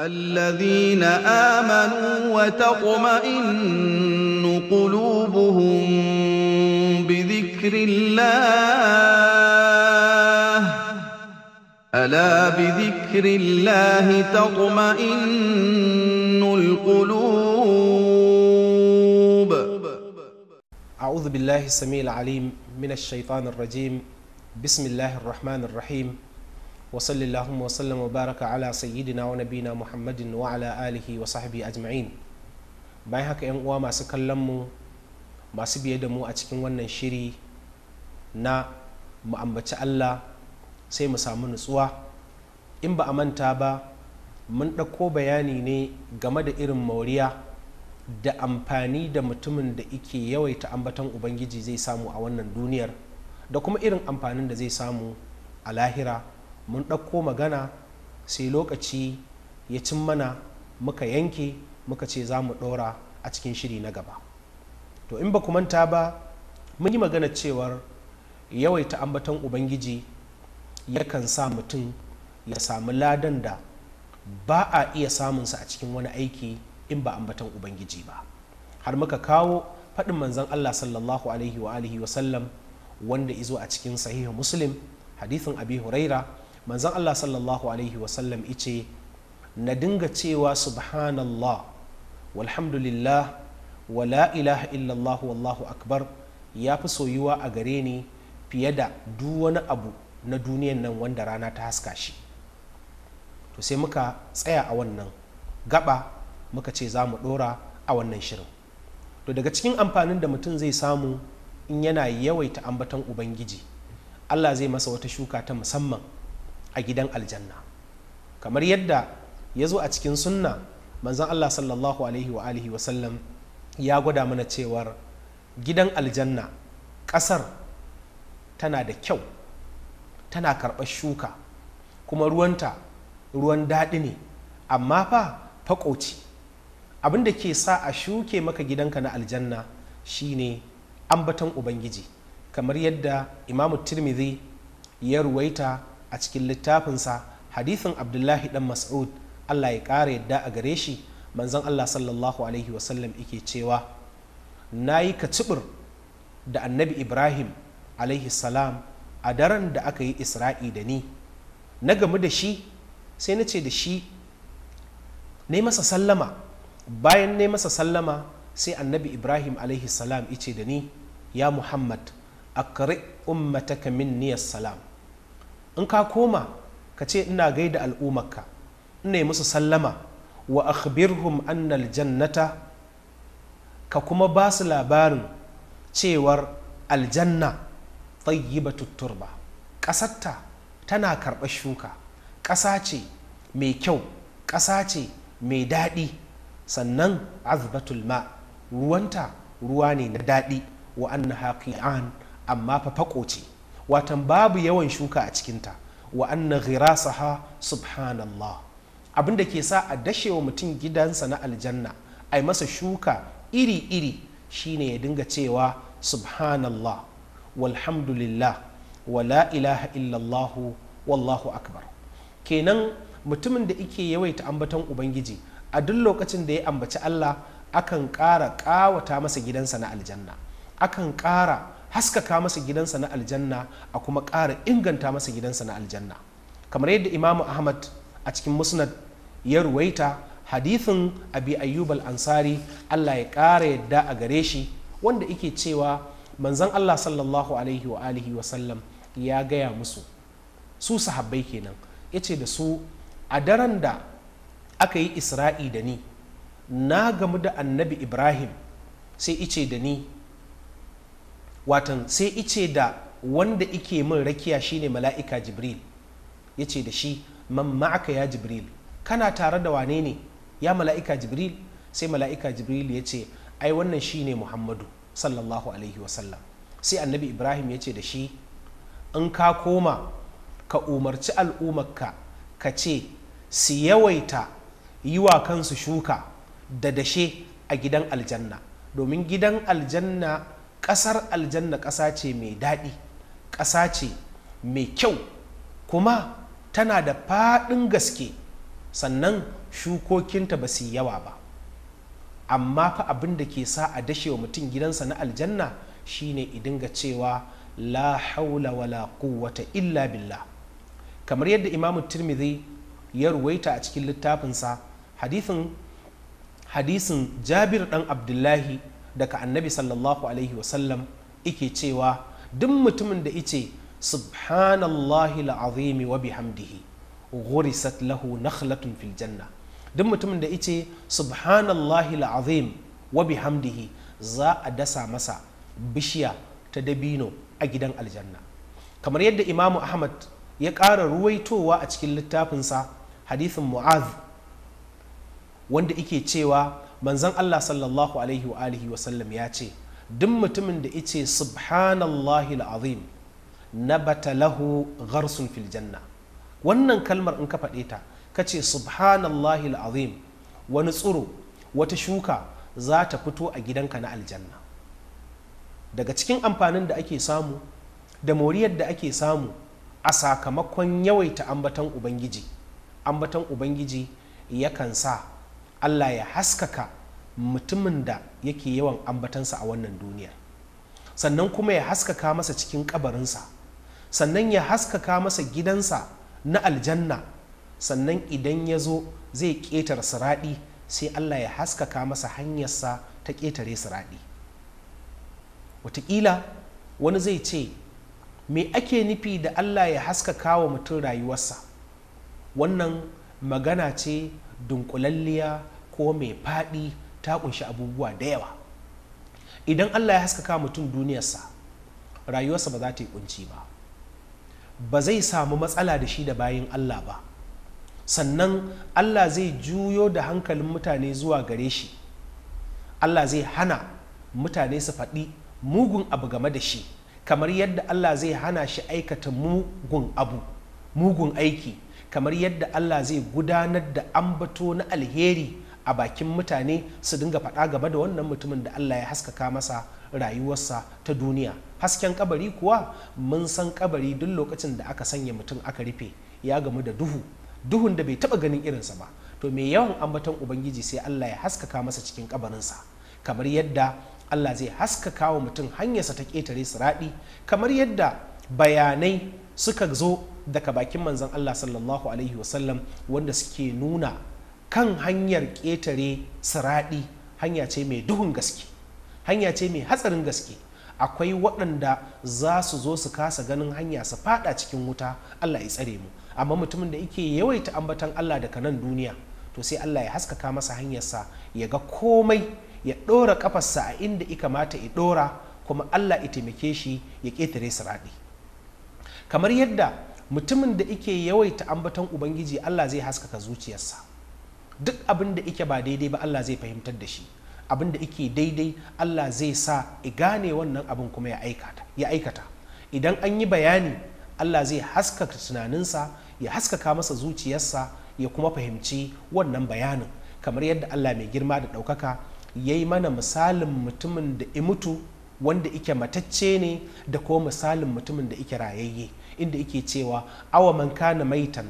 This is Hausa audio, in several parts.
الذين امنوا وتطمئن قلوبهم بذكر الله الا بذكر الله تطمئن القلوب اعوذ بالله السميع العليم من الشيطان الرجيم بسم الله الرحمن الرحيم وصل اللهم وسلم وبارك على سيدنا ونبينا محمد وعلى آله وصحبه أجمعين bayan haka 'yan uwa masu kallon mu masu biye da mu a cikin wannan shiri na mu ambaci Allah sai mu samu nutsuwa in ba a manta ba mun ɗauko bayani ne game da irin mauriya da amfani da mutumin da ike yawaita ambatan ubangiji zai samu a wannan duniyar da kuma irin amfanin da zai samu a lahira mun ɗauko magana sai lokaci ya cin mana muka yanke muka ce za mu ɗora a cikin shiri na gaba to in ba manta ba mun yi magana cewar yawaita ambaton ubangiji yakan sa mutum ya samu ladan da ba a iya samunsa a cikin wani aiki in ba ambaton ubangiji ba har muka kawo faɗin manzon allah sallallahu alaihi wa alihi wasallam wanda izo a cikin sahihu muslim hadithin abi huraira manzon Allah sallallahu alaihi wasallam ice na dinga cewa subhanallah walhamdulillah wa la ilaha illallah wallahu akbar ya fi soyuwa a gare ni fiye da duk wani abu na duniyan nan wanda rana ta haska shi to sai muka tsaya a wannan gaba muka ce za mu dora a wannan shirin to daga cikin amfanin da mutum zai samu in yana yawaita ambaton ubangiji allah zai masa wata shuka ta musamman a gidan aljanna kamar yadda ya zo a cikin sunna manzon Allah sallallahu alaihi wa alihi wa sallam ya gwada mana cewar gidan aljanna ƙasar tana da kyau tana karɓar shuka kuma ruwanta ruwan daɗi ne amma fa faƙoci abin da ke sa a shuke maka gidanka na aljanna shine ambaton ubangiji kamar yadda imamu tirmidhi ya ruwaita a cikin littafinsa hadithin abdullahi dan mas'ud allah ya ƙara yadda a gare shi manzon allah sallallahu alaihi wasallam ike cewa na yi kacibir da annabi ibrahim alaihi salam a daren da aka yi isra'i da ni na gamu da shi sai na ce da shi na masa sallama bayan na masa sallama sai annabi ibrahim alaihi salam ice da ni ya muhammad akari ummataka min niyyar salam in ka koma ka ce ina gaida al'ummarka ina musu sallama wa akhbirhum annal jannata ka kuma ba su labarin cewar aljanna tayyibatu tutturba. ƙasarta tana karɓar shuka ƙasa ce mai kyau ƙasa ce mai daɗi sannan azbatul ma ruwanta ruwa ne na daɗi wa annaha amma fa ce watan babu yawan shuka a cikinta wa anna ghirasaha subhanallah abin da ke sa a dashe wa mutum gidansa na aljanna a yi masa shuka iri-iri shine ya dinga cewa subhanallah walhamdulillah wa la ilaha illallah wallahu akbar kenan mutumin da ike yawaita ambaton ubangiji a duk lokacin da ya ambaci allah akan ƙara ƙawata masa gidansa na aljanna akan ƙara haskaka masa gidansa na aljanna a kuma ƙara inganta masa gidansa na aljanna kamar yadda imamu ahmad a cikin musnad ya ruwaita hadithin abi ayyub al-ansari allah ya ƙara yadda a gare shi wanda ike cewa manzon allah sallallahu alaihi wa alihi wa sallam ya gaya musu su sahabbai kenan ya ce da su a daren da aka yi isra'i da ni na gamu da annabi ibrahim sai ice da ni watan sai ice da wanda ike min rakiya shine mala'ika jibril ya ce da shi man ma'aka ya jibril kana tare da wane ne ya mala'ika jibril sai mala'ika jibril ya ce ai wannan shine muhammadu sallallahu alaihi wasallam sai annabi ibrahim ya ce da shi in ka koma ka umarci al'ummarka ka ce su yawaita yi wa kansu shuka da dashe a gidan aljanna domin gidan aljanna ƙasar aljanna ƙasa ce mai daɗi ƙasa ce mai kyau kuma tana da faɗin gaske sannan shukokinta ba su yawa ba amma fa abin da ke sa a dashe wa mutum gidansa na aljanna shine idinga cewa la haula wala quwwata illa billah kamar yadda imamu tirmidhi ya ruwaita a cikin littafinsa hadisin jabir dan abdullahi daga annabi sallallahu alaihi wasallam ike cewa duk mutumin da ice subhanallahi la'azimi wa bihamdihi ghurisat lahu nakhlatun fil janna duk mutumin da ice subhanallahi la'azim wa bihamdihi za a dasa masa bishiya ta dabino a gidan aljanna kamar yadda imamu ahmad ya ƙara ruwaitowa a cikin littafinsa hadithin mu'az wanda ike cewa manzon Allah sallallahu alaihi wa alihi wa sallam ya ce duk mutumin da ice subhanallahi alazim nabata lahu gharsun fil janna wannan kalmar in ka faɗe ta ka ce subhanallahi alazim wani tsuro wata shuka za ta fito a gidanka na aljanna daga cikin amfanin da ake samu da moriyar da ake samu a sakamakon yawaita ambatan ubangiji ambatan ubangiji yakan sa allah ya haskaka mutumin da yake yawan ambatansa a wannan duniyar sannan kuma ya haskaka masa cikin kabarinsa sannan ya haskaka masa gidansa na aljanna sannan idan ya zo zai ƙetare siraɗi sai allah ya haskaka masa hanyarsa ta ƙetare siraɗi wataƙila wani zai ce me ake nufi da allah ya haskaka wa mutum rayuwarsa wannan magana ce dunkulalliya ko mai faɗi ta kunshi abubuwa da yawa idan allah ya haskaka mutum duniyarsa rayuwarsa ba za ta yi kunci ba ba zai samu matsala da shi da bayan allah ba sannan allah zai juyo da hankalin mutane zuwa gare shi allah zai hana mutane su faɗi mugun abu game da shi kamar yadda allah zai hana shi aikata mugun abu mugun aiki kamar yadda Allah zai gudanar da ambato na alheri a bakin mutane su dinga faɗa gaba da wannan mutumin da Allah ya haskaka masa rayuwarsa ta duniya hasken kabari kuwa mun san kabari duk lokacin da aka sanya mutum aka rufe ya gamu da duhu duhun da bai taba ganin irinsa ba to mai yawan ambaton ubangiji sai Allah ya haskaka masa cikin kabarinsa kamar yadda Allah zai haskaka wa mutum hanyarsa ta ƙetare siraɗi kamar yadda bayanai suka zo daga bakin manzon Allah sallallahu alaihi wasallam wanda suke nuna kan hanyar ƙetare siraɗi hanya ce mai duhun gaske hanya ce mai hatsarin gaske akwai waɗanda za su zo su kasa ganin hanya su faɗa cikin wuta Allah ya tsare mu amma mutumin da yake yawaita ambatan Allah daga nan duniya to sai Allah ya haskaka masa hanyarsa ya ga komai ya ɗora ƙafarsa a inda ya kamata ya ɗora kuma Allah ya taimake shi ya ƙetare siraɗi kamar yadda mutumin da ike yawaita ambaton ubangiji Allah zai haskaka zuciyarsa duk abin da ike ba daidai ba Allah zai fahimtar da shi abin da ike daidai Allah zai sa i gane wannan abin kuma ya aikata ya aikata idan an yi bayani Allah zai haskaka tunaninsa ya haskaka masa zuciyarsa ya kuma fahimci wannan bayanin kamar yadda Allah mai girma da ɗaukaka ya yi mana misalin mutumin da imutu wanda ike matacce ne da kuma misalin mutumin da ike rayayye inda yake cewa awa man kana maitan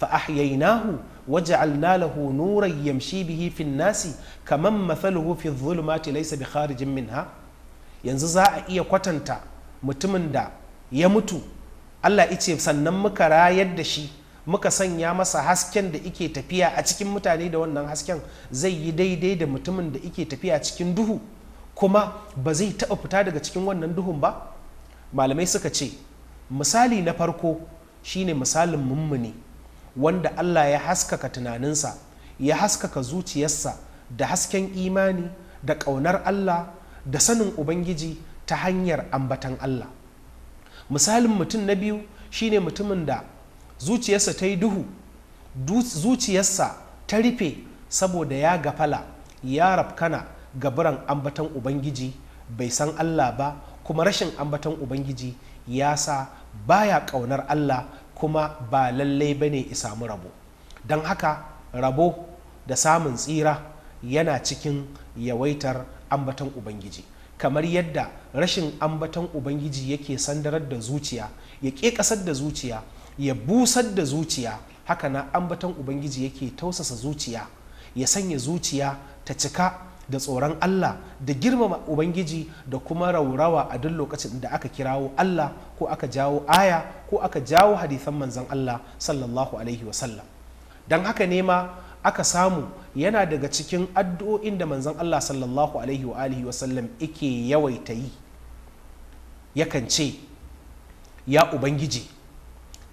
fa ahyaynahu waja'alna lahu nuran yamshi bihi fin nasi kaman mathaluhu fi dhulumati laysa bi kharijin minha yanzu za a iya kwatanta mutumin da ya mutu Allah ice sannan muka rayar da shi muka sanya masa hasken da ike tafiya a cikin mutane da wannan hasken zai yi daidai da mutumin da ike tafiya cikin duhu kuma ba zai taɓa fita daga cikin wannan duhun ba malamai suka ce misali na farko shine misalin mummuni wanda Allah ya haskaka tunaninsa ya haskaka zuciyarsa da hasken imani da ƙaunar Allah da sanin Ubangiji ta hanyar ambatan Allah misalin mutum na biyu shine mutumin da zuciyarsa ta yi duhu zuciyarsa ta rufe saboda ya gafala ya rafkana gabaran ambatan ubangiji bai san allah ba kuma rashin ambatan ubangiji ya sa baya ƙaunar Allah kuma ba lallai ba ne samu rabo don haka rabo da samun tsira yana cikin yawaitar ambaton ubangiji kamar yadda rashin ambaton ubangiji yake sandarar da zuciya ya ƙeƙasar da zuciya ya busar da zuciya haka na ambaton ubangiji yake tausasa zuciya ya sanya zuciya ta cika da tsoron Allah da girmama Ubangiji da kuma raurawa a duk lokacin da aka kirawo Allah ko aka jawo aya ko aka jawo hadithan manzon Allah sallallahu alaihi wasallam don haka ne ma aka samu yana daga cikin addu'o'in da manzon Allah sallallahu alaihi wa wasallam yake yawaita yi yakan ce ya Ubangiji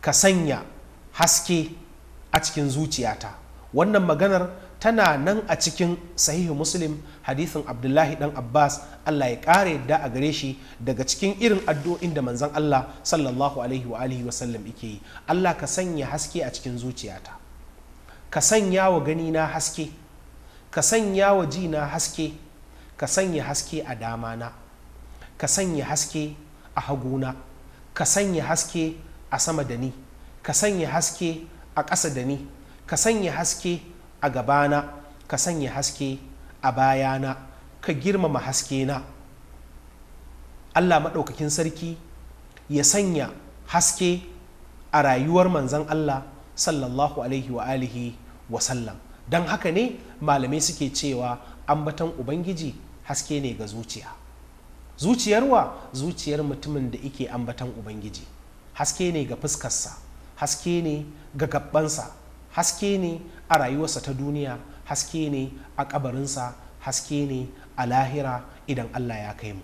ka sanya haske a cikin zuciyata wannan maganar tana nan a cikin sahihu muslim hadithin abdullahi dan abbas allah ya kare da a gare shi daga cikin irin addu'o'in da manzon allah sallallahu alaihi wa alihi wasallam yake yi allah ka sanya haske a cikin zuciyata ka sanya wa gani na haske ka sanya wa ji na haske ka sanya haske a dama na ka sanya haske a haguna ka sanya haske a sama da ni ka sanya haske a ƙasa da ni ka sanya haske a gabana ka sanya haske a bayana ka girmama haske na allah maɗaukakin sarki ya sanya haske a rayuwar manzan allah sallallahu alaihi wa alihi wa sallam don haka ne malamai suke cewa ambatan ubangiji haske ne ga zuciya zuciyar wa? zuciyar mutumin da ike ambatan ubangiji haske ne ga fuskarsa haske ne ga gabbansa haske ne a rayuwarsa ta duniya haske ne a kabarinsa haske ne a lahira idan allah ya kai mu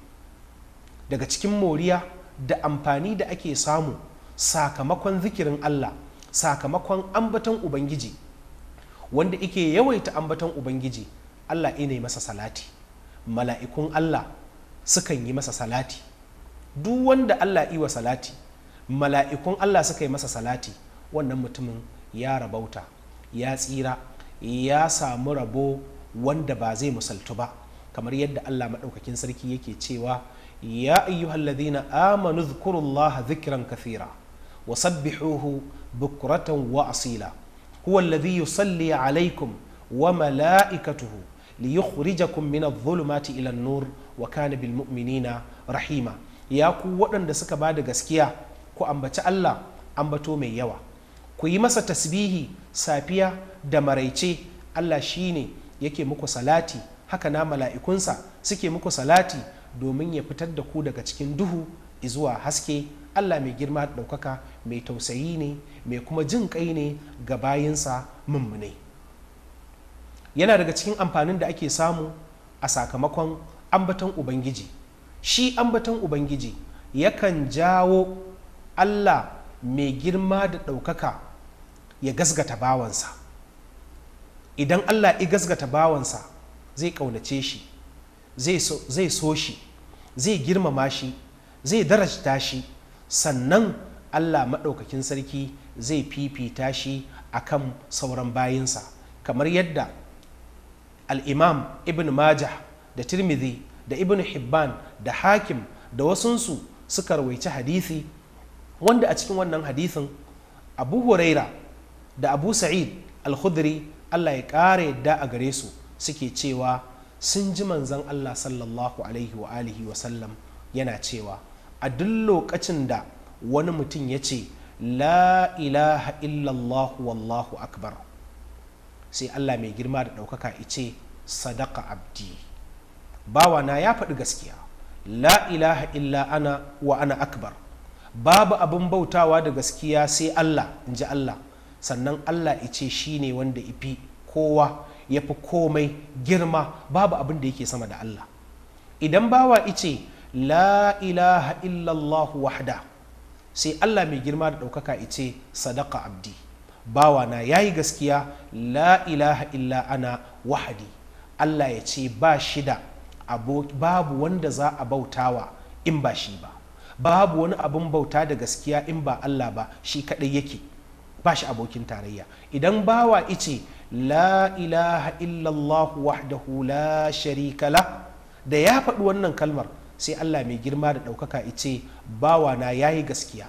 daga cikin moriya da amfani da ake samu sakamakon zikirin allah sakamakon ambaton ubangiji wanda ike yawaita ambaton ubangiji allah ina yi masa salati mala'ikun allah sukan yi masa salati duk wanda allah iwa salati mala'ikun allah suka yi masa salati wannan mutumin ya rabauta ya tsira ya samu rabo wanda ba zai musaltu ba kamar yadda Allah maɗaukakin sarki yake cewa ya ayyuhalladhina amanu dhkurullaha dhikran kathira wa sabbihuhu bukratan wa asila huwa alladhi yusalli alaykum wa mala'ikatuhu liyukhrijakum min adh-dhulumati ila an-nur wa kana bil mu'minina rahima ya ku waɗanda suka bada gaskiya ku ambaci Allah ambato mai yawa ku yi masa tasbihi safiya da maraice Allah shi ne yake muku salati haka na mala'ikunsa suke muku salati domin ya fitar da ku daga cikin duhu zuwa haske Allah mai girma ɗaukaka mai tausayi ne mai kuma jin kai ne ga bayinsa mummune yana daga cikin amfanin da ake samu a sakamakon ambaton ubangiji shi ambaton ubangiji yakan jawo Allah mai girma da ɗaukaka ya gasgata bawansa idan Allah ya gasgata bawansa zai ƙaunace shi zai so shi zai girmama shi zai darajta shi sannan Allah maɗaukakin sarki zai fifita shi a kan sauran bayinsa kamar yadda al'imam ibn majah da tirmidhi da ibn hibban da hakim da wasunsu suka rawaici hadisi wanda a cikin wannan hadithin abu huraira da abu sa'id al-khudri allah ya ƙara da' a gare su suke cewa sun ji manzan allah sallallahu alaihi wa alihi wa sallam yana cewa a duk lokacin da wani mutum ya ce la ilaha illallah wallahu akbar sai allah mai girma da ɗaukaka ice sadaka abdi bawana ya faɗi gaskiya la ilaha illa ana wa ana akbar babu abin bautawa da gaskiya sai allah in ji allah sannan Allah ice shi ne wanda ifi kowa ya fi komai girma babu abin da yake sama da Allah idan bawa ice la ilaha illallah wahda sai Allah mai girma da ɗaukaka ice sadaka abdi bawa na ya yi gaskiya la ilaha illa ana wahadi Allah ya ce ba shida babu wanda za a bautawa in ba shi ba babu wani abin bauta da gaskiya in ba Allah ba shi kaɗai yake ba shi abokin tarayya idan bawa ice la ilaha illallah wahdahu la sharika la da ya faɗi wannan kalmar sai Allah mai girma da ɗaukaka ice bawa na yayi gaskiya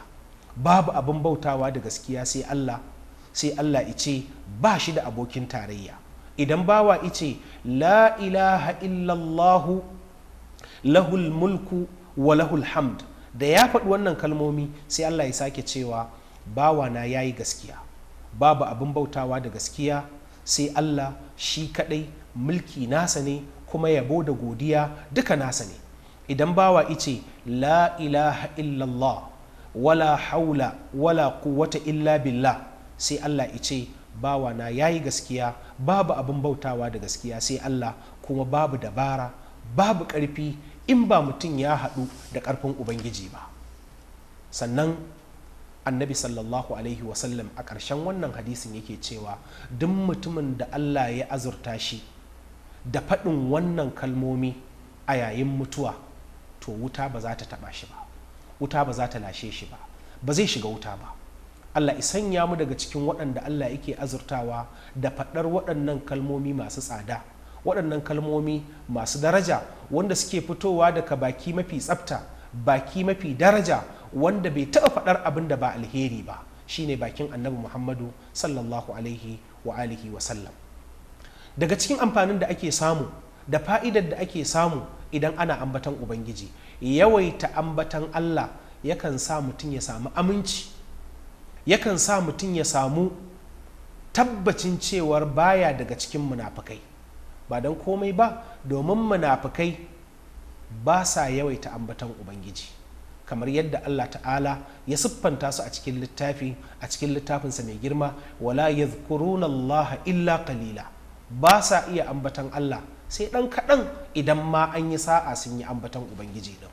babu abin bautawa da gaskiya sai Allah sai Allah ice ba shi da abokin tarayya idan bawa ice la ilaha illallah lahul mulku wa lahul hamd da ya faɗi wannan kalmomi sai Allah ya sake cewa bawana ya yi gaskiya babu abin bautawa da gaskiya sai Allah shi kadai mulki nasa ne kuma yabo da godiya duka nasa ne idan bawa ice la ilaha illallah wala haula wala quwwata illa billah sai Allah ice bawa na yayi gaskiya babu abin bautawa da gaskiya sai Allah kuma babu dabara babu ƙarfi in ba mutum ya haɗu da ƙarfin ubangiji ba sannan annabi sallallahu alaihi wasallam a ƙarshen wannan hadisin yake cewa duk mutumin da allah ya azurta shi da faɗin wannan kalmomi a yayin mutuwa to wuta ba za ta taɓa shi ba wuta ba za ta lashe shi ba ba zai shiga wuta ba allah ya mu daga cikin waɗanda allah yake azurtawa da faɗar waɗannan kalmomi masu tsada waɗannan kalmomi masu daraja wanda suke fitowa daga baki mafi tsafta baki mafi daraja wanda bai taɓa faɗar abin da ba alheri ba shine bakin annabi muhammadu sallallahu alaihi wa alihi wa sallam daga cikin amfanin da ake samu da fa'idar da ake samu idan ana ambatan ubangiji yawaita ambatan allah yakan sa mutum ya samu aminci yakan sa mutum ya samu tabbacin cewar baya daga cikin munafukai ba don komai ba domin munafukai ba sa yawaita ambatan ubangiji kamar yadda Allah ta'ala ya siffanta su a cikin littafi a cikin littafinsa mai girma wala yadhkuruna Allah illa Kalila ba sa iya ambatan Allah sai dan kaɗan idan ma an yi sa'a sun yi ambatan ubangiji din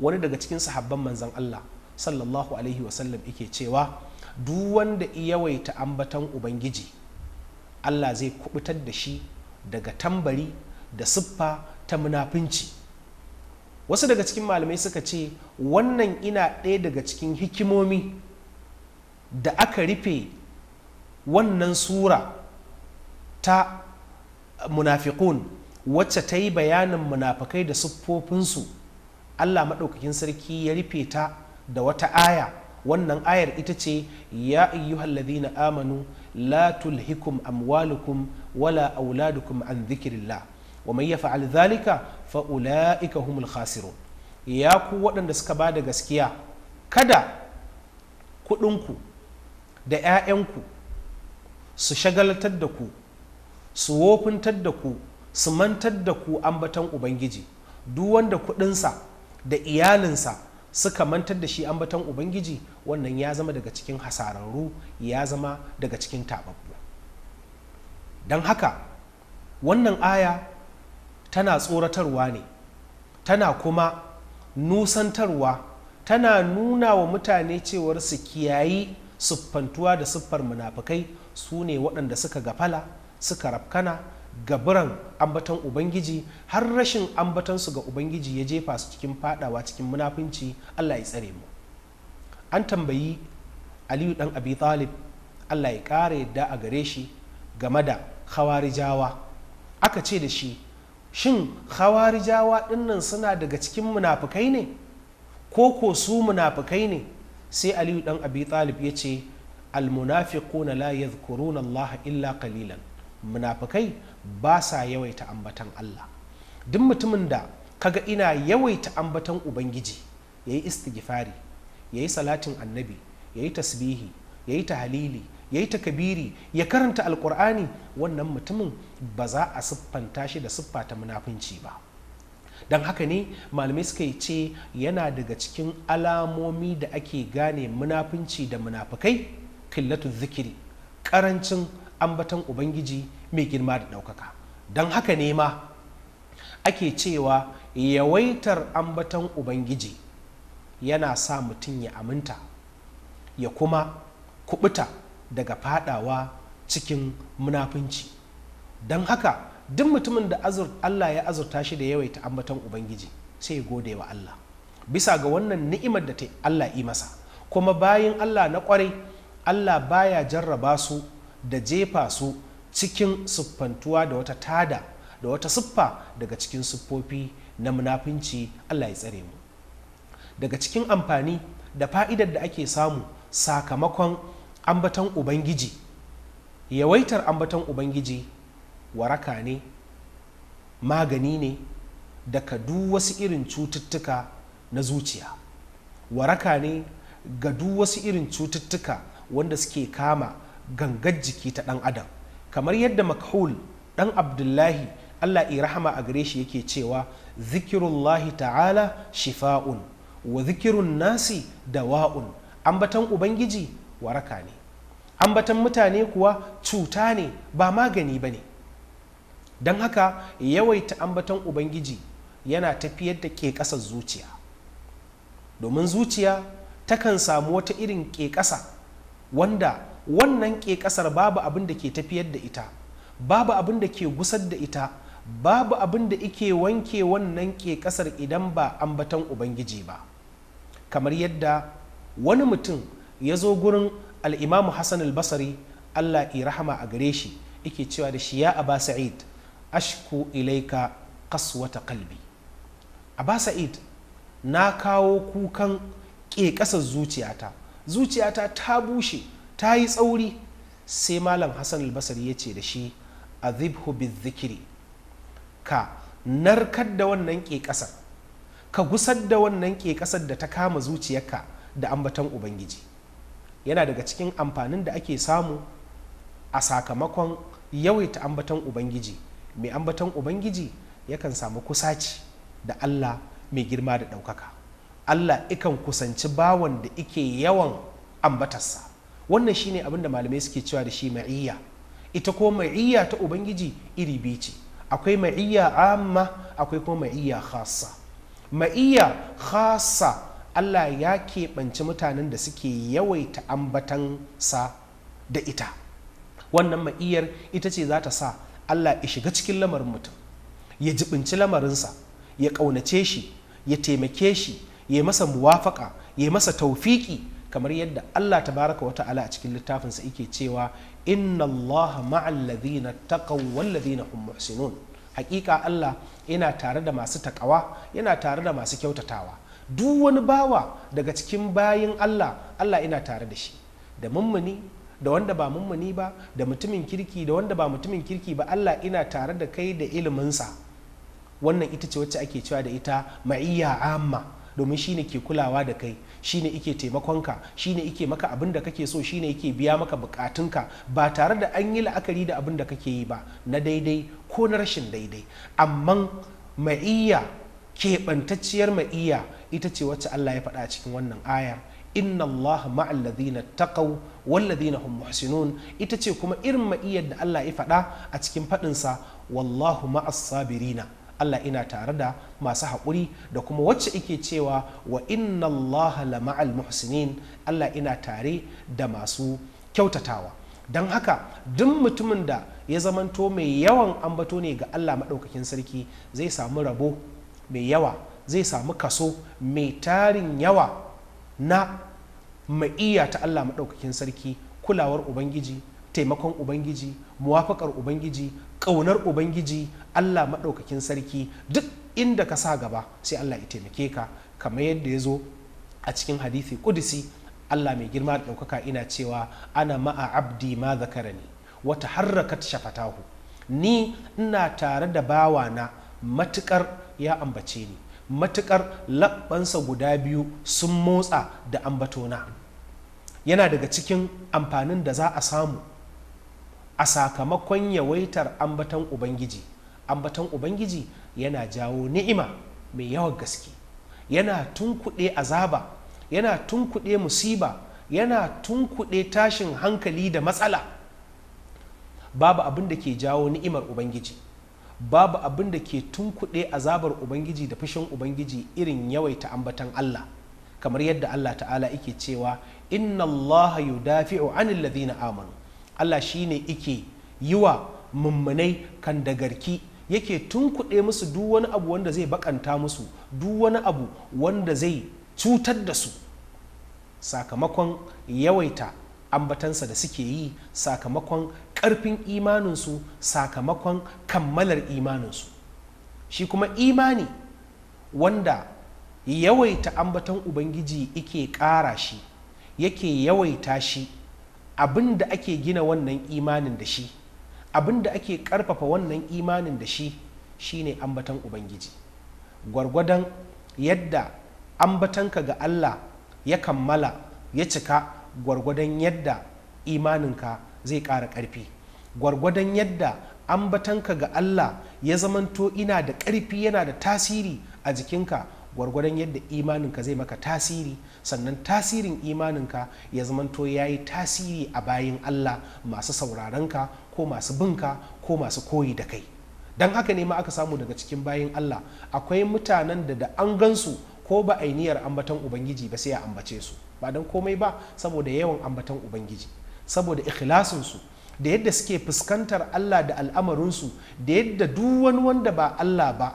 wani daga cikin sahabban manzan Allah sallallahu alaihi wasallam yake cewa duk wanda yawaita ambatan ubangiji Allah zai kubutar da shi daga tambari da siffa ta munafinci wasu daga cikin malamai suka ce wannan ina ɗaya daga cikin hikimomi da aka rufe wannan sura ta munafikun wacce ta yi bayanin munafakai da siffofinsu allah maɗaukakin sarki ya rufe ta da wata aya wannan ayar ita ce ya ayyuhallazina amanu la tulhikum amwalukum wala auladukum an zikirillah wa man yaf'al dhalika Fa'ulaya ika humul khasirun ya ku waɗanda suka ba da gaskiya kada kuɗinku da 'ya'yanku su shagaltar da ku su wofintar da ku su mantar da ku ambatan ubangiji duk wanda kuɗinsa da iyalinsa suka mantar da shi ambatan ubangiji wannan ya zama daga cikin hasararru ya zama daga cikin tababbu don haka wannan aya tana tsoratarwa ne tana kuma nusantarwa tana nuna wa mutane cewar su kiyayi siffantuwa da siffar munafukai su ne waɗanda suka gafala suka rafkana gaburan ambaton ubangiji har rashin ambatonsu ga ubangiji ya jefa su cikin fadawa cikin munafunci allah ya tsare mu an tambayi aliyu dan abi talib allah ya ƙara yadda a gare shi game da khawarijawa aka ce da shi shin khawarijawa dinnan suna daga cikin munafukai ne ko ko su munafukai ne sai aliyu dan abi talib ya ce almunafiquna la yadhkuruna allah illa qalilan munafukai ba sa yawaita ambatan allah duk mutumin da kaga ina yawaita ambatan ubangiji yayi istighfari yayi salatin annabi yayi tasbihi yayi tahlili ya yi takabiri ya karanta alkur'ani wannan mutumin ba za a siffanta shi da siffa ta munafunci ba don haka ne malamai suka yi ce yana daga cikin alamomi da ake gane munafunci da munafukai killatu zikiri karancin ambatan ubangiji mai girma da ɗaukaka don haka ne ma ake cewa yawaitar ambatan ubangiji yana sa mutum ya aminta ya kuma kubuta daga fadawa cikin munafunci don haka duk mutumin da Allah ya azurta shi da yawaita ambaton ubangiji sai ya gode wa Allah bisa ga wannan ni'imar da ta Allah yi masa kuma bayan Allah na kwarai Allah baya jarraba su da jefa su cikin siffantuwa da wata tada da wata siffa daga cikin siffofi na munafunci Allah ya tsare mu daga cikin amfani da fa'idar da ake samu sakamakon ambatan ubangiji yawaitar ambatan ubangiji waraka ne magani ne daga duk wasu irin cututtuka na zuciya waraka ne ga duk wasu irin cututtuka wanda suke kama gangar jiki ta ɗan adam kamar yadda makhul ɗan abdullahi allah irahama a gare shi yake cewa zikirullahi ta'ala shifa'un wa zikirun nasi dawa'un ambatan ubangiji waraka ne ambatan mutane kuwa cuta ne ba magani ba ne don haka yawaita ambatan ubangiji yana tafiyar da ke ƙasar zuciya domin zuciya takan samu wata irin ke ƙasa wanda wannan ke ƙasar babu abin da ke tafiyar da ita babu abin da ke gusar da ita babu abin da ike wanke wannan ke ƙasar idan ba ambatan ubangiji ba kamar yadda wani mutum ya zo gurin al'imamu hassan al allah i rahama a gare shi yake cewa da shi ya aba sa'id ashku ilaika kaswata kalbi aba sa'id na kawo kukan ƙeƙasar zuciyata zuciyata ta bushe ta yi tsauri sai malam hassan al ya ce da shi azibhu zikiri ka narkar da wannan ƙeƙasar ka gusar da wannan ƙeƙasar da ta kama zuciyarka da ambaton ubangiji yana daga cikin amfanin da ake samu a sakamakon yawaita ambaton ubangiji mai ambaton ubangiji yakan samu kusaci da allah mai girma da ɗaukaka allah ikan kusanci bawan da ike yawan ambatarsa wannan shine abin da malamai suke cewa da shi ma'iyya ita ko ma'iyya ta ubangiji iri biyu ce akwai ma'iyya amma akwai kuma ma'iyya khasa ma'iyya khasa Allah ya keɓanci mutanen da suke yawaita ambatan sa da ita wannan ma'iyar ita ce za ta sa Allah ya shiga cikin lamarin mutum ya jibinci lamarinsa ya ƙaunace shi ya taimake shi ya masa muwafaka ya masa taufiki kamar yadda Allah ta baraka wa ta'ala a cikin littafinsa yake cewa inna Allah ma'al taqaw wal muhsinun hakika Allah yana tare da masu taƙawa yana tare da masu kyautatawa duk wani bawa daga cikin bayin Allah Allah ina tare da shi da mummuni da wanda ba mummuni ba da mutumin kirki da wanda ba mutumin kirki ba Allah ina tare da kai da iliminsa wannan ita ce wacce ake cewa da ita ma'iyya amma domin shine ke kulawa da kai shine ike taimakonka shine ike maka abin da kake so shine yake biya maka bukatunka ba tare da an yi la'akari da abin da kake yi ba na daidai ko na rashin daidai Amman ma'iyya keɓantacciyar ma'iyya ita ce wacce Allah ya faɗa cikin wannan aya inna Allah ma'al ladina taqaw wal ladina hum muhsinun ita ce kuma irin ma'iyar da Allah ya faɗa a cikin sa wallahu ma'as sabirina Allah ina tare da masu haƙuri da kuma wacce ike cewa wa inna Allah la ma'al muhsinin Allah ina tare da masu kyautatawa don haka duk mutumin da ya zamanto mai yawan ambato ne ga Allah maɗaukakin sarki zai samu rabo mai yawa zai samu kaso mai tarin yawa na ma'iya ta Allah maɗaukakin sarki kulawar ubangiji taimakon ubangiji muwafakar ubangiji ƙaunar ubangiji Allah maɗaukakin sarki duk inda ka sa gaba sai Allah ya taimake ka kamar yadda ya zo a cikin hadithi kudisi Allah mai girma da ɗaukaka ina cewa ana ma'a abdi ma zakara zakarani wata harrakat shafatahu ni ina tare da bawa na matukar ya ambace ni matukar labbansa guda biyu sun motsa da ambatona yana daga cikin amfanin da za a samu a sakamakon yawaitar ambatan ubangiji ambatan ubangiji yana jawo ni'ima mai yawan gaske yana tunkuɗe azaba yana tunkuɗe musiba yana tunkuɗe tashin hankali da matsala babu abin da ke jawo ni'imar ubangiji babu abin da ke tunkuɗe azabar ubangiji da fushin ubangiji irin yawaita ambatan Allah kamar yadda Allah ta'ala yake cewa inna Allah yudafi'u anil ladina amanu Allah shine yake yiwa mummunai kan dagarki yake tunkuɗe musu duk wani abu wanda zai bakanta musu duk wani abu wanda zai cutar da su sakamakon yawaita ambatansa da suke yi sakamakon ƙarfin imaninsu sakamakon kammalar imaninsu shi kuma imani wanda yawaita ambaton ubangiji ike ƙara shi yake yawaita shi abin da ake gina wannan imanin da shi abin da ake ƙarfafa wannan imanin da shi shine ambaton ubangiji gwargwadon yadda ambatanka ga allah ya kammala ya cika gwargwadon yadda imaninka zai ƙara ƙarfi gwargwadon yadda ambatanka ga Allah ya zamanto ina da ƙarfi yana da tasiri a jikinka gwargwadon yadda imaninka zai maka tasiri sannan tasirin imaninka ya zamanto ya yi tasiri a bayan Allah masu sauraronka ko masu binka ko masu koyi da kai don haka ne ma aka samu daga cikin bayin Allah akwai mutanen da da an gansu ko ba ainihar ambatan ubangiji ba sai a ambace su ba don komai ba saboda yawan ambatan ubangiji saboda ikhlasinsu su da yadda suke fuskantar Allah da al'amarinsu da yadda duk wani wanda ba Allah ba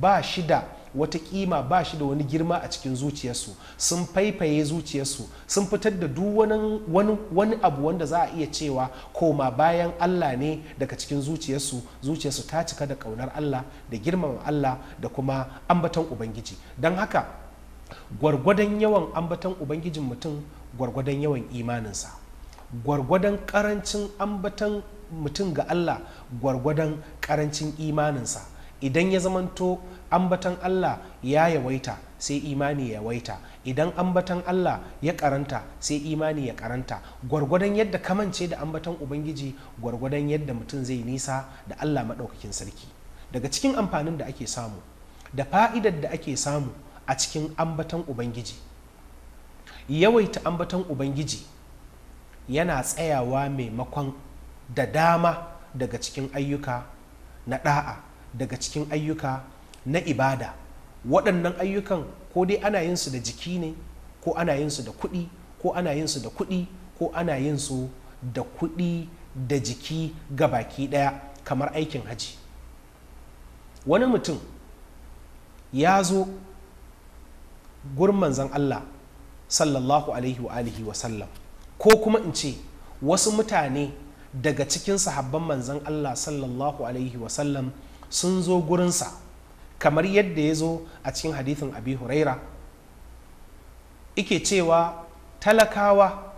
ba shi da wata kima ba shi da wani girma a cikin zuciyarsu sun faifaye zuciyarsu sun fitar da duk wani, abu wanda za a iya cewa koma bayan Allah ne daga cikin zuciyarsu zuciyarsu ta cika da ƙaunar Allah da girmama Allah da kuma ambaton Ubangiji don haka gwargwadon yawan ambaton Ubangijin mutum gwargwadon yawan imaninsa. gwargwadon karancin ambatan mutum ga Allah gwargwadon karancin imaninsa idan ya zamanto ambatan Allah ya yawaita sai imani ya yawaita idan ambatan Allah ya karanta sai imani ya karanta gwargwadon yadda kamance da ambatan ubangiji gwargwadon yadda mutum zai nisa da Allah maɗaukakin sarki daga cikin amfanin da ake samu da fa'idar da ake samu a cikin ambatan ubangiji yawaita ambatan ubangiji yana tsayawa maimakon da dama daga cikin ayyuka na ɗa'a daga cikin ayyuka na ibada waɗannan ayyukan ko dai ana yin su da jiki ne ko ana yin su da kuɗi ko ana yin su da kuɗi ko ana yin su da kuɗi da jiki ga baki ɗaya kamar aikin haji wani mutum ya zo gurmanzan zan Allah sallallahu alaihi wa wa sallam ko kuma in ce wasu mutane daga cikin sahabban manzan Allah sallallahu alaihi wasallam sun zo gurinsa kamar yadda ya zo a cikin hadithin abi huraira ike cewa talakawa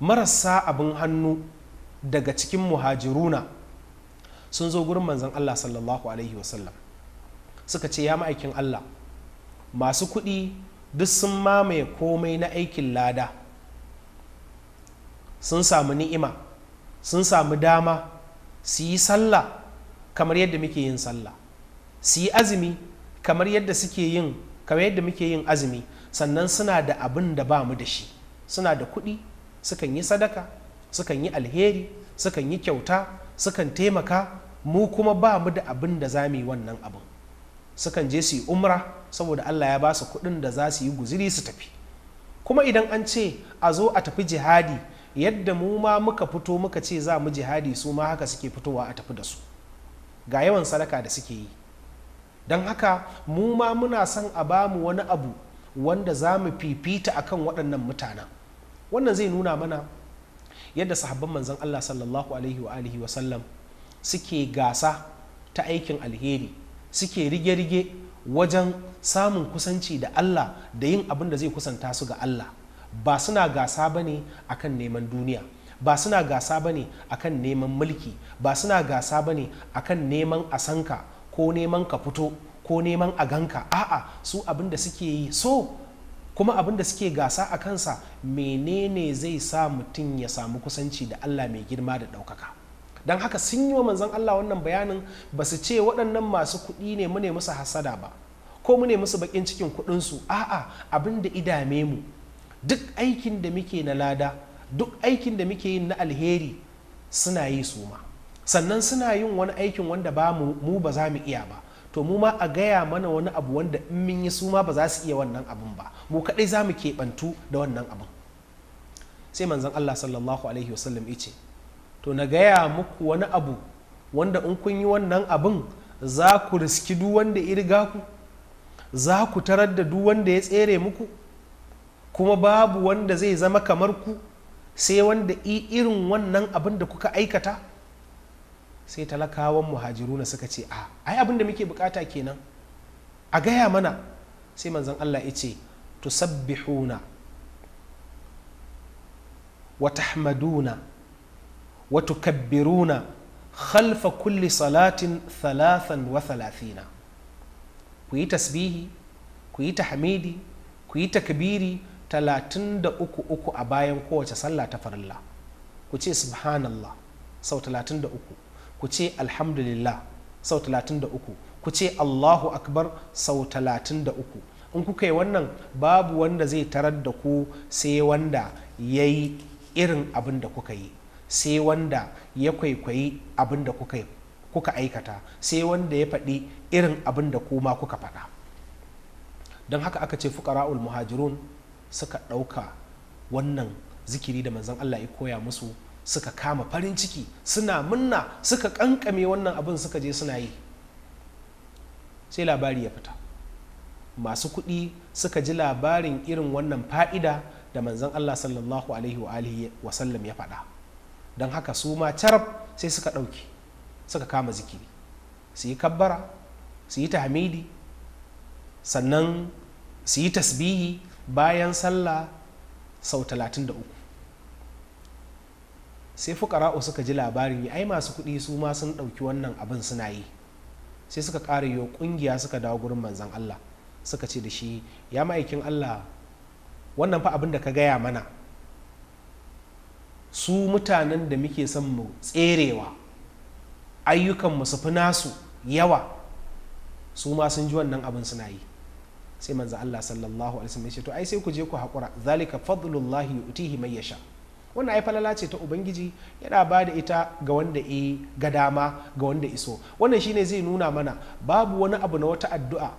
marasa abin hannu daga cikin muhajiruna sun zo gurin manzan Allah sallallahu alaihi wasallam suka ce ya ma'aikin Allah masu kuɗi duk sun mamaye komai na aikin lada sun samu ni'ima sun samu dama su yi sallah kamar yadda muke yin sallah su yi azumi kamar yadda suke yin kamar yadda muke yin azumi sannan suna da abin da ba mu da shi suna da kuɗi sukan yi sadaka sukan yi alheri sukan yi kyauta sukan taimaka mu kuma ba mu da abin da za mu yi wannan abin sukan je su yi umra saboda Allah ya ba su kuɗin da za su yi guziri su tafi kuma idan an ce a zo a tafi jihadi yadda mu ma muka fito muka ce za mu jihadi su ma haka suke fitowa a tafi da su ga yawan sadaka da suke yi don haka mu ma muna son a bamu wani abu wanda za mu fifita akan waɗannan mutanen wannan zai nuna mana yadda sahabban manzan Allah sallallahu alaihi wa alihi wa sallam suke gasa ta aikin alheri suke rige-rige wajen samun kusanci da Allah da yin abin da zai kusanta su ga Allah ba suna gasa ba ne kan neman duniya ba suna gasa ba ne kan neman mulki ba suna gasa ba ne kan neman asanka ko neman ka fito ko neman a ganka a'a su abin da suke yi so kuma abin da suke gasa a kansa menene zai sa mutum ya samu kusanci da Allah mai girma da ɗaukaka don haka sun yi wa manzon Allah wannan bayanin ba su ce waɗannan masu kuɗi ne mu ne musu hasada ba ko mu ne musu baƙin cikin kuɗinsu a'a abin da idame mu duk aikin da muke na lada duk aikin da muke yin na alheri suna yi su ma sannan suna yin wani aikin wanda ba mu ba za mu iya ba to mu ma a gaya mana wani abu wanda in mun yi su ma ba za su iya wannan abun ba mu kaɗai za mu keɓantu da wannan abun sai manzon Allah sallallahu alaihi wasallam ya ce to na gaya muku wani abu wanda in kun yi wannan abun za ku riski duwanda wanda riga ku za ku tarar da duk wanda ya tsere muku kuma babu wanda zai zama kamar ku sai wanda irin wannan abin da kuka aikata sai talakawan muhajiruna suka ce a ah, ai abin da muke bukata kenan a gaya mana sai manzon Allah ya ce tusabbihuna wa tahmaduna wa tukabbiruna khalfa kulli salatin thalathan wa thalathina ku yi tasbihi ku yi tahmidi ku yi takbiri talatin da uku uku a bayan kowace sallah ta farilla ku ce subhanallah sau talatin da uku ku ce alhamdulillah sau talatin da uku ku ce allahu akbar sau talatin da uku in kuka yi wannan babu wanda zai tarar da ku sai wanda ya yi irin abin da kuka yi sai wanda ya kwaikwayi abin da kuka aikata sai wanda ya faɗi irin abin da kuma kuka faɗa don haka aka ce fukara'ul muhajirun suka ɗauka wannan zikiri da manzon Allah ya koya musu suka kama farin ciki suna munna suka kankame wannan abin suka je suna yi sai labari ya fita masu kuɗi suka ji labarin irin wannan fa'ida da manzon Allah sallallahu alaihi wa sallam ya faɗa don haka su ma carab sai suka ɗauki suka kama zikiri su yi kabbara su yi tahmidi sannan su yi tasbihi bayan sallah sau 33 sai fukara'u suka ji labarin ai masu kuɗi su ma sun ɗauki wannan abin suna yi sai suka ƙara yiwa ƙungiya suka dawo gurin manzan Allah suka ce da shi ya ma'aikin Allah wannan fa abin da ka gaya mana su mutanen da muke son mu tserewa ayyukan su fi nasu yawa su ma sun ji wannan abin suna yi sai manzo Allah sallallahu alaihi wasallam ya ce to ai sai ku je ku hakura zalika fadlullahi yu'tihi man yasha wannan ai falala ce ta ubangiji yana ba da ita ga wanda e ga dama ga wanda iso wannan shine zai nuna mana babu wani abu na wata addu'a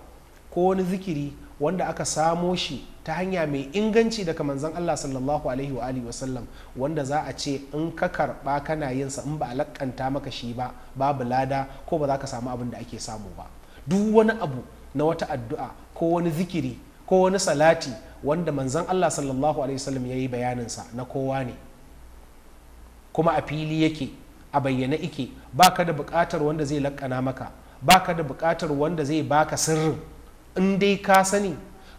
ko wani zikiri wanda aka samo shi ta hanya mai inganci daga manzon Allah sallallahu alaihi wa alihi wasallam wanda za a ce in ka karba kana yin sa in ba a lakanta maka shi ba babu lada ko ba za ka samu abin da ake samu ba duk wani abu na wata addu'a ko wani zikiri ko wani salati wanda manzan Allah sallallahu alaihi wasallam ya yi bayaninsa na kowa ne kuma a fili yake a bayyana ike ba ka da buƙatar wanda zai lakana maka ba ka da buƙatar wanda zai baka sirrin in dai ka sani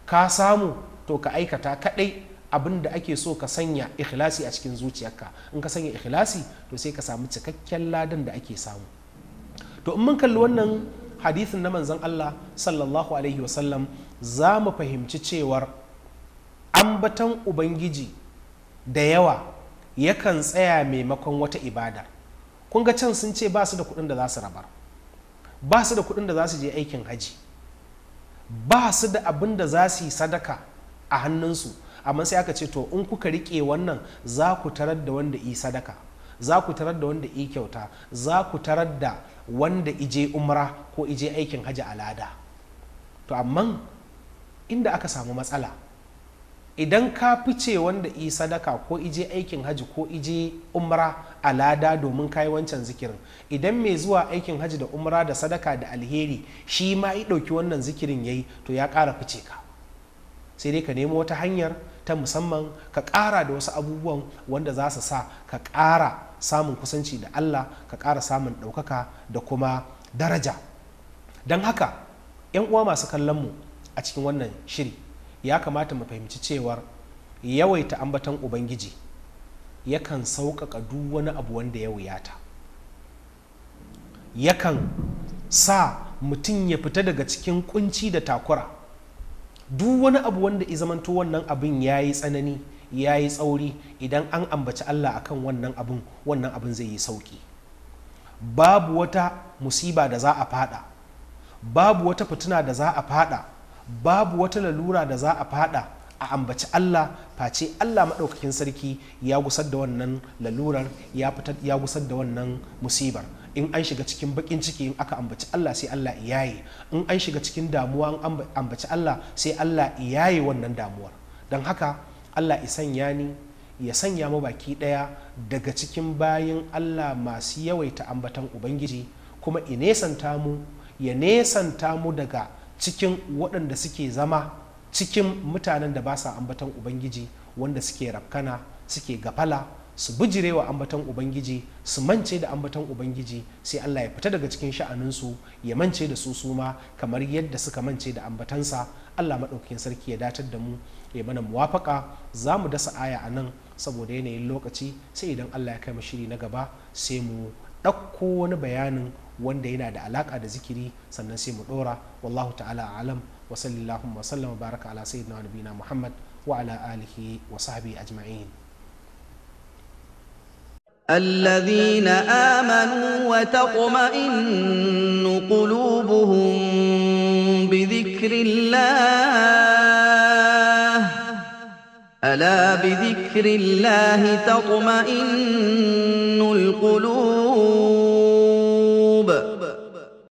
ka samu to ka aikata kaɗai abin da ake so ka sanya ikhlasi a cikin zuciyarka in ka sanya ikhlasi to sai ka samu cikakken ladan da ake samu to in mun kalli wannan hadisin na manzon Allah sallallahu alaihi wasallam za mu fahimci cewar ambatan ubangiji da yawa yakan tsaya maimakon wata ibada kun ga can sun ce ba su da kuɗin da za su rabar ba su da kuɗin da za su je aikin haji ba su da abin da za su yi sadaka a hannunsu amma sai aka ce to in kuka riƙe wannan za ku tarar da wanda yi sadaka za ku tarar da wanda yi kyauta za ku tarar da wanda ije umra ko ije aikin hajji a lada to amma inda aka samu matsala idan ka fice wanda yi sadaka ko ije aikin hajji ko ije umra a lada domin kayi wancan zikirin idan mai zuwa aikin hajji da umra da sadaka da alheri shi ma ya ɗauki wannan zikirin yayi to ya ƙara fice ka sai dai ka nemo wata hanyar ta musamman ka ƙara da wasu abubuwan wanda za su sa ka ƙara samun kusanci da Allah ka ƙara samun ɗaukaka da kuma daraja don haka 'yan uwa masu kallon mu a cikin wannan shiri ya kamata mu fahimci cewar yawaita ambaton ubangiji yakan sauƙaƙa duk wani abu wanda ya wuyata yakan sa mutum ya fita daga cikin kunci da takura duk wani abu wanda izamanto wannan abin ya yi tsanani ya yi tsauri idan an ambaci Allah a kan wannan abin wannan abin zai yi sauki babu wata musiba da za a fada babu wata fituna da za a fada babu wata lalura da za a fada a ambaci Allah face Allah maɗaukakin sarki ya gusar da wannan lalurar ya gusar da wannan musibar in an shiga cikin baƙin ciki in aka ambaci Allah sai Allah iyaye in an shiga cikin damuwa in ambaci Allah sai Allah iyaye wannan damuwar don haka allah isanya ni ya sanya mu baki daya daga cikin bayin allah masu yawaita ambatan ubangiji kuma inesanta mu ya nesanta mu daga cikin waɗanda suke zama cikin mutanen da ba sa ambatan ubangiji wanda suke rafkana suke gafala su bijirewa ambatan ubangiji su mance da ambatan ubangiji sai allah ya fita daga cikin sha'aninsu ya mance da su suma kamar yadda suka mance da ambatansa allah maɗaukakin sarki ya datar da mu ya mana muwafaka za mu dasa aya a nan saboda yanayin lokaci sai idan allah ya kai mu shiri na gaba sai mu ɗauko wani bayanin wanda yana da alaƙa da zikiri sannan sai mu ɗora wallahu ta'ala a alam wa sallallahu wa baraka ala sayyidina wa nabiyina muhammad wa ala alihi wa sahbi ajma'in الذين آمنوا وتطمئن قلوبهم بذكر الله الا بذكر الله تطمئن القلوب